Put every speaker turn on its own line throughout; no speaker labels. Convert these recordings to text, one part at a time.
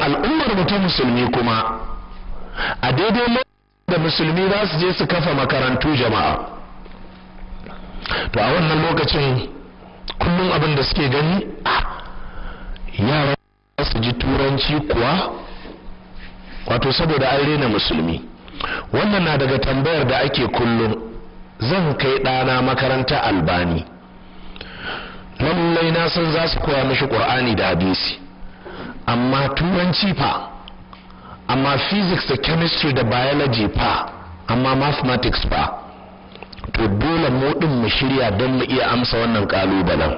al'ummar mutum musulmi kuma a daidai lokacin da musulmi za su je su kafa makarantu jama'a to a wannan lokacin kullum abin da suke gani yara su ji turanci kuwa wato saboda an rena musulmi wannan na daga tambayar da ake kullum zan kai ɗana makaranta albani lallai na san za su koya mashi ƙur'ani da hadisi amma turanci fa amma physics da chemistry da biology fa amma mathematics fa to dole mu din mu shirya don mu iya amsa wannan kalubalen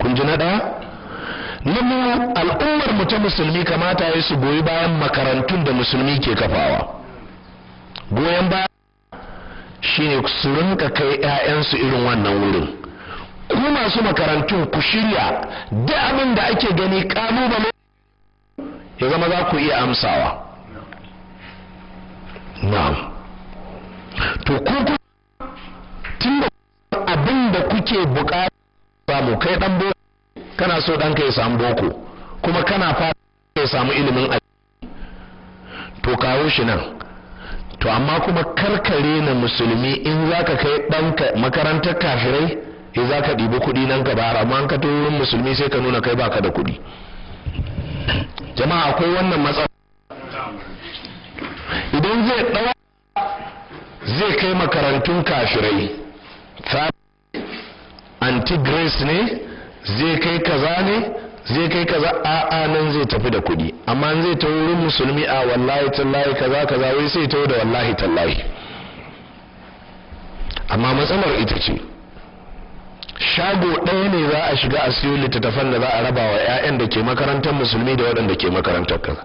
kun ji na ɗaya na al'ummar mu ta musulmi kamata ya su goyi bayan makarantun da musulmi ke kafawa goyon shi ne su rinka kai 'ya'yansu irin wannan wurin ku masu makarantun ku shirya da abin da ake gani kalubalen ya zama za ku iya amsawa na'am to ku tun da abin da kuke bukata samu kai dan boko kana so ɗanka ya samu boko kuma kana fata ya samu ilimin addini to kawo shi nan to amma kuma karkare na musulmi in za ka kai ɗanka makarantar kafirai in eh za ka ɗibi kuɗi nan ka bara amma an ka wurin musulmi sai ka nuna kai baka da kuɗi jama'a akwai wannan matsala idan zai ɗaura zai kai makarantun kafirai anti-grace ne zai kai kaza ne zai kai kaza a'a nan zai tafi da kuɗi amma zai ta wurin musulmi a wallahi tallahi kaza kaza wai sai ta da wallahi tallahi amma matsalar ita ce shago ɗaya ne za a shiga a siyo littattafan da za a raba wa 'ya'yan da ke makarantar musulmi da waɗanda ke makarantar kaza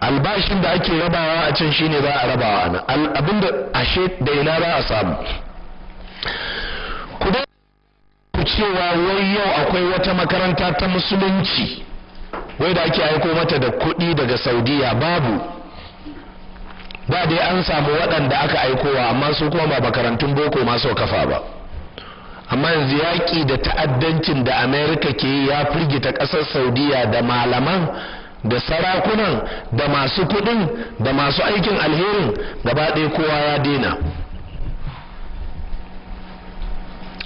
albashin da ake rabawa a can shine za a rabawa ana abin abinda ashe da ina za a samu ku ku cewa wai yau akwai wata makaranta ta musulunci wai da ake aiko mata da kuɗi daga saudiya babu ba dai an samu waɗanda aka aikowa amma su kuma ba makarantun boko masu kafa ba amma yanzu yaƙi da ta'addancin da amerika ke ya firgita ƙasar saudiya da malaman da sarakunan da masu kuɗin da masu aikin alherin gaba ɗaya kowa ya daina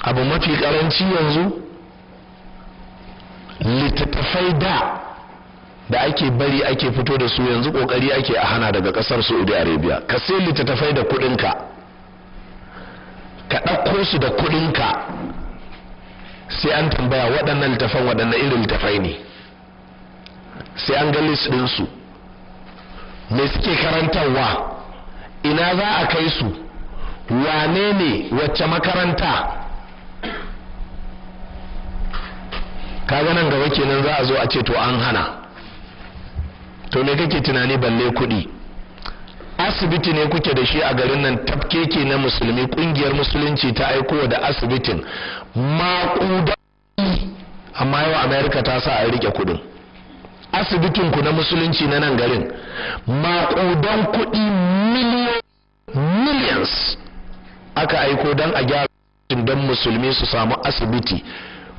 abu mafi ƙaranci yanzu littattafai da da ake bari ake fito da su yanzu ƙoƙari ake a hana daga ƙasar saudi arabia ka sai littattafai da kuɗinka ka ɗauko su da kuɗinka sai an tambaya waɗannan littafan waɗannan irin littafai ne sai an ga list ɗinsu me suke karantarwa ina za a kai su wane ne wacce makaranta kaga nan gaba kenan za a zo a ce to an hana to me kake tunani balle kuɗi asibiti ne kuke da shi a garin nan tafkeke na musulmi kungiyar musulunci ta aiko da asibitin maƙudan amma yau america ta sa a rike kudin asibitin ku na musulunci na nan garin makudan kuɗi millions aka aiko don a gyara don musulmi su samu asibiti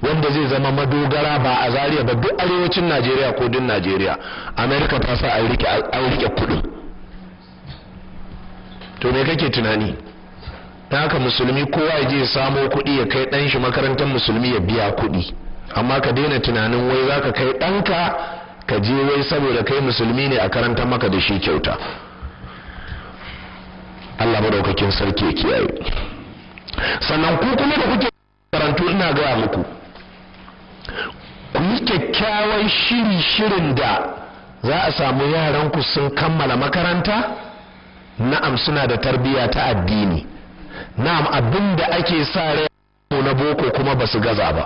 wanda zai zama madogara ba a zariya ba duk arewacin najeriya ko din najeriya america ta sa a rike kudin to me kake tunani ta haka musulmi kowa ya je samo kuɗi ya kai ɗan shi makarantar musulmi ya biya kuɗi amma ka daina tunanin wai za ka kai ɗanka ka je wai saboda kai musulmi ne a karanta maka da shi kyauta Allah madaukakin sarki ya kiyaye sannan ku kuma da kuke karantu ina gaya muku ku yi kyakkyawan shiri shirin da za a samu yaranku sun kammala makaranta na'am suna da tarbiyya ta addini na'am abin da ake sa rai na boko kuma ba su gaza ba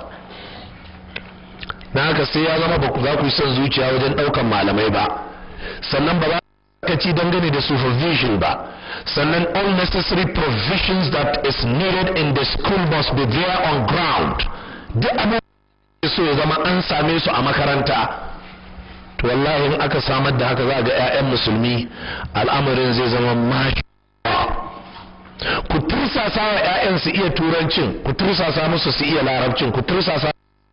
na haka sai ya zama ba za ku yi son zuciya wajen ɗaukan malamai ba sannan ba za ka ci dangane da supervision ba sannan all necessary provisions that is needed in the school must be there on ground duk abin da so ya zama an same su a makaranta to wallahi in aka samar da haka za ga 'ya'yan musulmi al'amarin zai zama mashi ku tursasa wa 'ya'yan su iya turancin ku tursasa musu su iya larabcin ku tursasa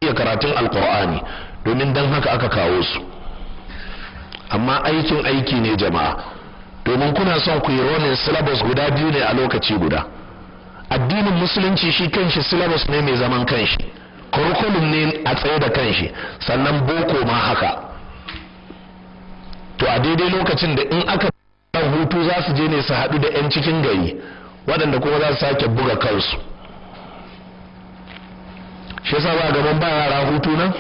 iya karatun alkur'ani domin don haka aka kawo su amma aikin aiki ne jama'a domin kuna son ku yi ronin syllabus guda biyu ne a lokaci guda addinin musulunci shi kanshi syllabus ne mai zaman kanshi curriculum ne a tsaye da kanshi sannan boko ma haka to a daidai lokacin da in aka hutu za su je ne su haɗu da 'yan cikin gari waɗanda kuma za su sake buga kansu shi yasa ba gaban ba yara hutu nan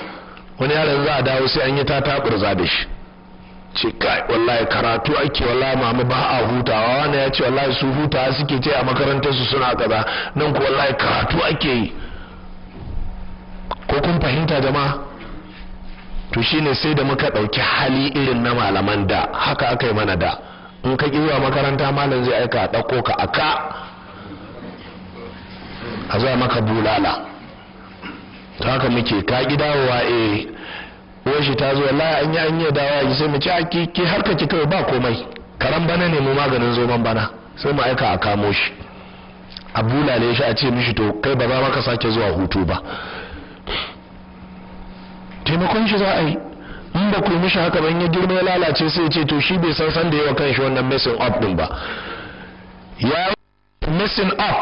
wani yaron za a dawo sai an yi ta taburza da shi ce kai wallahi karatu ake wallahi mamu ba a hutawa wani ya ce wallahi su hutawa suke ce a makarantar su suna kaza nan ku wallahi karatu ake yi ko kun fahimta jama'a to shine sai da muka ɗauki hali irin na malaman da haka aka yi mana da in ka ƙi makaranta malam zai aika a ɗauko ka aka a zuwa maka bulala haka muke ka ki dawowa eh washi ta zo la an yi an yi ji sai mu ci a ki ki harka ki kai ba komai karan bana ne mu maganin zoman bana sai mu aika a kamo shi a bulale shi a ce mishi to kai ba za ma sake zuwa hutu ba taimakon shi za a yi in ba ku mishi haka ban ya girma ya lalace sai ya ce to shi bai san san da yawa kan shi wannan messing up din ba ya messing up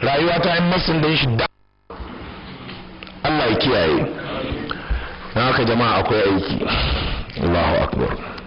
rayuwa ta yi messing da shi da ya kiyaye na haka jama'a akwai aiki Allahu akbar